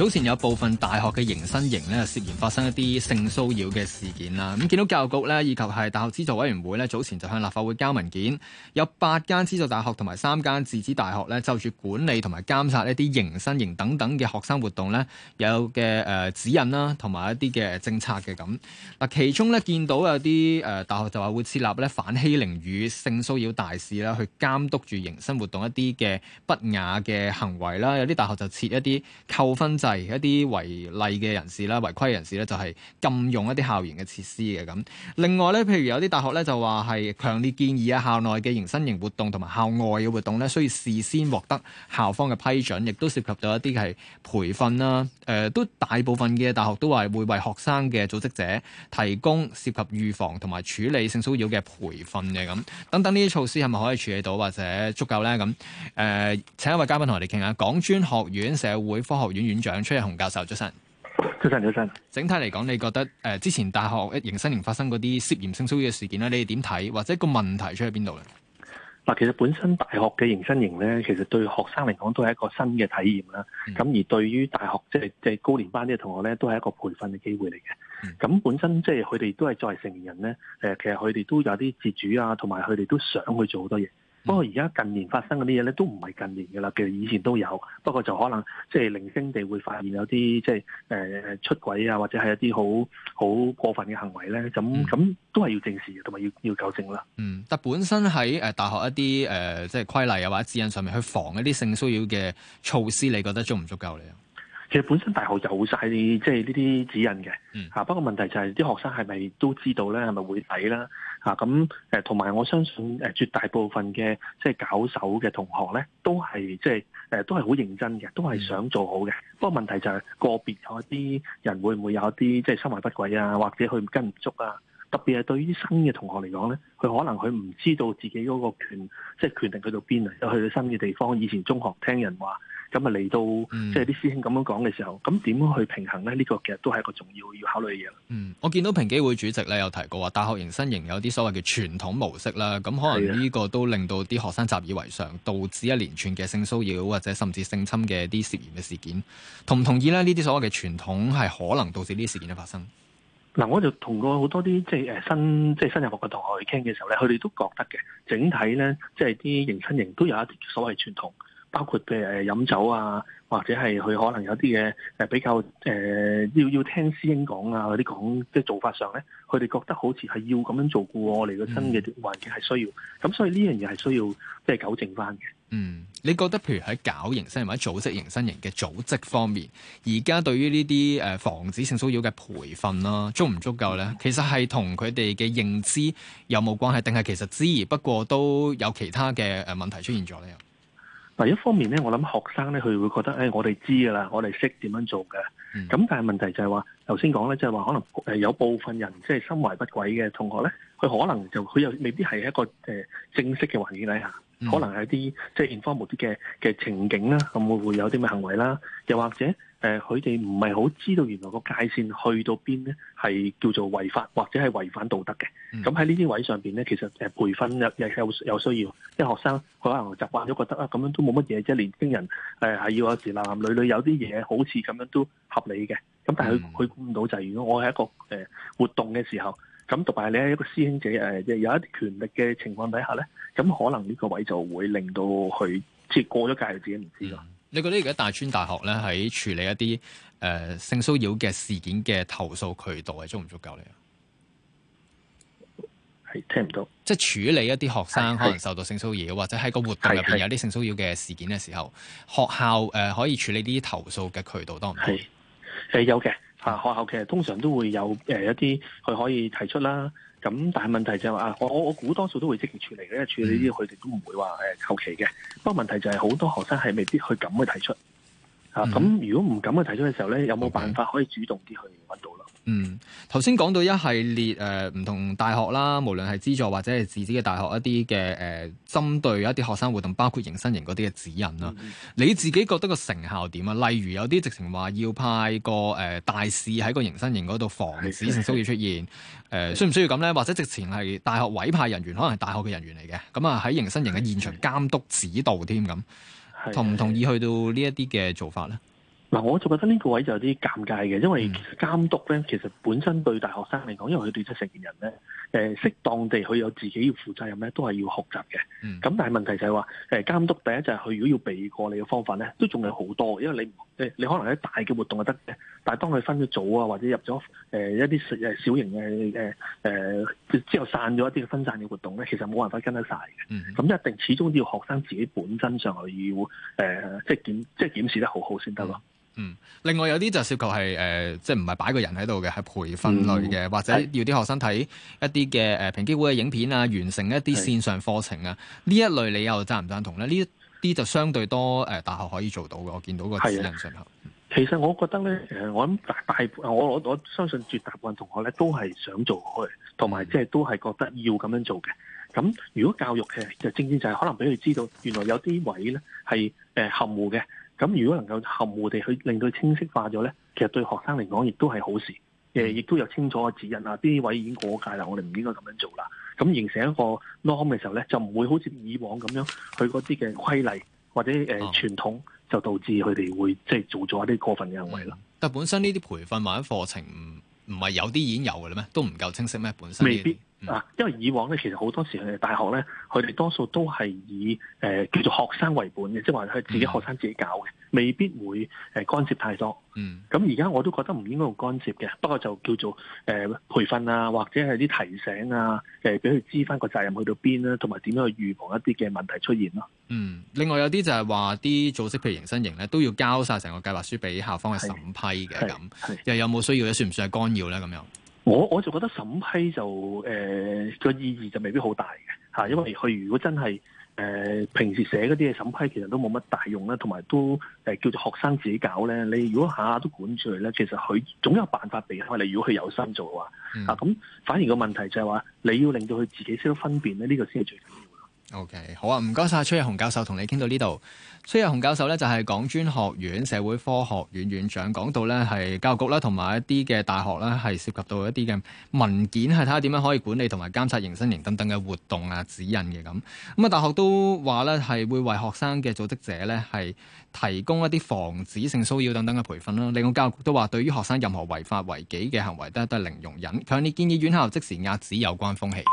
早前有部分大學嘅迎新營呢，涉嫌發生一啲性騷擾嘅事件啦，咁見到教育局呢，以及係大學資助委員會呢，早前就向立法會交文件，有八間資助大學同埋三間自資大學呢，就住管理同埋監察一啲迎新營等等嘅學生活動呢，有嘅誒指引啦，同埋一啲嘅政策嘅咁嗱，其中呢，見到有啲誒大學就話會設立呢，反欺凌與性騷擾大使啦，去監督住迎新活動一啲嘅不雅嘅行為啦，有啲大學就設一啲扣分制。係一啲違例嘅人士啦，違規人士咧就係禁用一啲校園嘅設施嘅咁。另外咧，譬如有啲大學咧就話係強烈建議啊，校內嘅迎新型活動同埋校外嘅活動咧，需要事先獲得校方嘅批准，亦都涉及到一啲係培訓啦。誒、呃、都大部分嘅大學都話會為學生嘅組織者提供涉及預防同埋處理性騷擾嘅培訓嘅咁。等等呢啲措施係咪可以處理到或者足夠咧？咁誒、呃、請一位嘉賓同我哋傾下，港專學院社會科學院院長。崔日雄教授，早晨，早晨，早晨。整體嚟講，你覺得誒、呃，之前大學迎新營發生嗰啲涉嫌性騷擾嘅事件咧，你哋點睇？或者個問題出喺邊度咧？嗱，其實本身大學嘅迎新營咧，其實對學生嚟講都係一個新嘅體驗啦。咁、嗯、而對於大學即係即係高年班啲同學咧，都係一個培訓嘅機會嚟嘅。咁、嗯、本身即係佢哋都係作為成年人咧，誒，其實佢哋都有啲自主啊，同埋佢哋都想去做好多嘢。嗯、不過而家近年發生嗰啲嘢咧，都唔係近年噶啦，其實以前都有。不過就可能即係零星地會發現有啲即係誒出軌啊，或者係一啲好好過分嘅行為咧，咁咁、嗯、都係要，的要，要，要正視，同埋要要糾正啦。嗯，但本身喺誒大學一啲誒即係規例啊或者指引上面，去防一啲性騷擾嘅措施，你覺得足唔足夠咧？其實本身大學有晒即係呢啲指引嘅，嗯、啊、不過問題就係、是、啲學生係咪都知道咧？係咪會睇啦？啊，咁誒同埋我相信誒絕大部分嘅即係搞手嘅同學咧，都係即係誒都係好認真嘅，都係想做好嘅。嗯、不過問題就係、是、個別有一啲人會唔會有一啲即係心懷不軌啊，或者佢跟唔足啊。特別係對於新嘅同學嚟講咧，佢可能佢唔知道自己嗰個權，即、就、係、是、權力去到邊啊，去到新嘅地方。以前中學聽人話。咁啊嚟到，即係啲師兄咁樣講嘅時候，咁點樣去平衡咧？呢個其實都係一個重要要考慮嘅嘢。嗯，我見到評議會主席咧有提過話，大學迎新營有啲所謂嘅傳統模式啦，咁可能呢個都令到啲學生習以為常，導致一連串嘅性騷擾或者甚至性侵嘅啲涉嫌嘅事件。同唔同意咧？呢啲所謂嘅傳統係可能導致呢啲事件嘅發生。嗱、嗯，我就同過好多啲即係新即係新入學嘅同學去傾嘅時候咧，佢哋都覺得嘅整體咧，即係啲迎新營都有一啲所謂傳統。包括譬如飲酒啊，或者係佢可能有啲嘢誒比較誒、呃，要要聽師兄講啊嗰啲講，即係做法上咧，佢哋覺得好似係要咁樣做嘅喎。我哋嘅新嘅環境係需要，咁、嗯、所以呢樣嘢係需要即係糾正翻嘅。嗯，你覺得譬如喺搞迎新營或者組織迎新營型嘅組織方面，而家對於呢啲誒防止性騷擾嘅培訓啦、啊，足唔足夠呢？其實係同佢哋嘅認知有冇關係？定係其實知而不過都有其他嘅誒問題出現咗呢？嗱，一方面咧，我諗學生咧，佢會覺得，誒、哎，我哋知㗎啦，我哋識點樣做嘅。咁、嗯、但係問題就係話，頭先講咧，就係話可能有部分人即係、就是、心懷不軌嘅同學咧，佢可能就佢又未必係一個、呃、正式嘅環境底下、嗯，可能係啲即係 informal 啲嘅嘅情景啦，咁會,會有啲咩行為啦，又或者。誒、呃，佢哋唔係好知道原來個界線去到邊咧，係叫做違法或者係違反道德嘅。咁、嗯、喺呢啲位上邊咧，其實誒培訓又有需要，即係學生可能習慣咗覺得啊，咁樣都冇乜嘢啫。年輕人誒係、呃、要有時男男女女有啲嘢好似咁樣都合理嘅。咁但係佢佢估唔到就係、是，如果我係一個誒、呃、活動嘅時候，咁同埋你係一個師兄姐誒、呃，有一啲權力嘅情況底下咧，咁可能呢個位就會令到佢即係過咗界，自己唔知啦。嗯你覺得而家大專、大學咧，喺處理一啲誒、呃、性騷擾嘅事件嘅投訴渠道係足唔足夠咧？係，聽唔到。即係處理一啲學生可能受到性騷擾，或者喺個活動入邊有啲性騷擾嘅事件嘅時候，學校、呃、可以處理啲投訴嘅渠道多唔多？係，有嘅。啊，學校其實通常都會有、呃、一啲佢可以提出啦，咁但係問題就係、話、啊，我我估多數都會積極處理嘅，因為處理呢啲佢哋都唔會話誒求其嘅。不過問題就係、是、好多學生係未必去咁去提出。啊、嗯、咁、嗯、如果唔敢去提出嘅時候咧，有冇辦法可以主動啲去揾到咯？嗯，頭先講到一系列誒唔、呃、同大學啦，無論係資助或者係自資嘅大學一啲嘅誒，針、呃、對一啲學生活動，包括迎新營嗰啲嘅指引啦、嗯，你自己覺得個成效點啊？例如有啲直情話要派個誒、呃、大使喺個迎新營嗰度防止性騷擾嘅出現，誒、呃，需唔需要咁咧？或者直情係大學委派人員，可能係大學嘅人員嚟嘅，咁啊喺迎新營嘅現場監督指導添咁？同唔同意去到呢一啲嘅做法咧？嗱，我就覺得呢個位就有啲尷尬嘅，因為其實監督咧，其實本身對大學生嚟講，因為佢哋係成年人咧，誒，適當地佢有自己要負責任咧，都係要學習嘅。咁、嗯、但係問題就係話，誒監督第一就係佢如果要避過你嘅方法咧，都仲有好多，因為你。你可能喺大嘅活動就得嘅，但係當佢分咗組啊，或者入咗誒、呃、一啲誒小型嘅誒誒之後散咗一啲分散嘅活動咧，其實冇辦法跟得晒嘅。嗯，咁一定始終要學生自己本身上去，要、呃、誒，即係檢即係檢視得好好先得咯。嗯，另外有啲就涉及係誒，即係唔係擺個人喺度嘅，係培訓類嘅、嗯，或者要啲學生睇一啲嘅誒平機會嘅影片啊，完成一啲線上課程啊，呢一類你又贊唔贊同咧？呢？啲就相對多誒大學可以做到嘅，我見到個指引上頭。其實我覺得咧，誒我諗大大我我我相信絕大部分同學咧都係想做去，同埋即係都係覺得要咁樣做嘅。咁如果教育嘅就正正就係、是、可能俾佢知道，原來有啲位咧係誒含糊嘅。咁如果能夠含糊地去令到清晰化咗咧，其實對學生嚟講亦都係好事。誒、嗯，亦都有清楚嘅指引啊，啲位已經過界啦，我哋唔應該咁樣做啦。咁形成一個 norm 嘅時候咧，就唔會好似以往咁樣，佢嗰啲嘅規例或者誒、呃哦、傳統，就導致佢哋會即係、就是、做咗一啲過分嘅行為啦、嗯、但本身呢啲培訓或者課程唔係有啲已經有嘅喇咩？都唔夠清晰咩？本身。啊，因為以往咧，其實好多時誒，大學咧，佢哋多數都係以誒、呃、叫做學生為本嘅，即係話佢自己學生自己搞嘅，未必會誒、呃、干涉太多。嗯，咁而家我都覺得唔應該用干涉嘅，不過就叫做誒、呃、培訓啊，或者係啲提醒啊，誒俾佢知翻個責任去到邊啊，同埋點樣去預防一啲嘅問題出現咯。嗯，另外有啲就係話啲組織，譬如迎新營咧，都要交晒成個計劃書俾校方去審批嘅咁，又有冇需要咧？算唔算係干擾咧？咁樣？我我就覺得審批就誒個、呃、意義就未必好大嘅嚇，因為佢如果真係誒、呃、平時寫嗰啲嘢審批，其實都冇乜大用啦，同埋都誒叫做學生自己搞咧。你如果下下都管住嚟咧，其實佢總有辦法避開。你如果佢有心做嘅話，嗯、啊咁反而個問題就係話你要令到佢自己識得分辨咧，呢、呢個先係最 OK，好啊，唔該晒崔日雄教授同你傾到呢度。崔日雄教授呢，就係港專學院社會科學院院長，講到呢係教育局啦，同埋一啲嘅大學啦，係涉及到一啲嘅文件，係睇下點樣可以管理同埋監察迎新型等等嘅活動啊、指引嘅咁。咁、嗯、啊，大學都話呢係會為學生嘅組織者呢係提供一啲防止性騷擾等等嘅培訓啦。另外，教育局都話對於學生任何違法違紀嘅行為都係零容忍，強烈建議院校即時遏止有關風氣。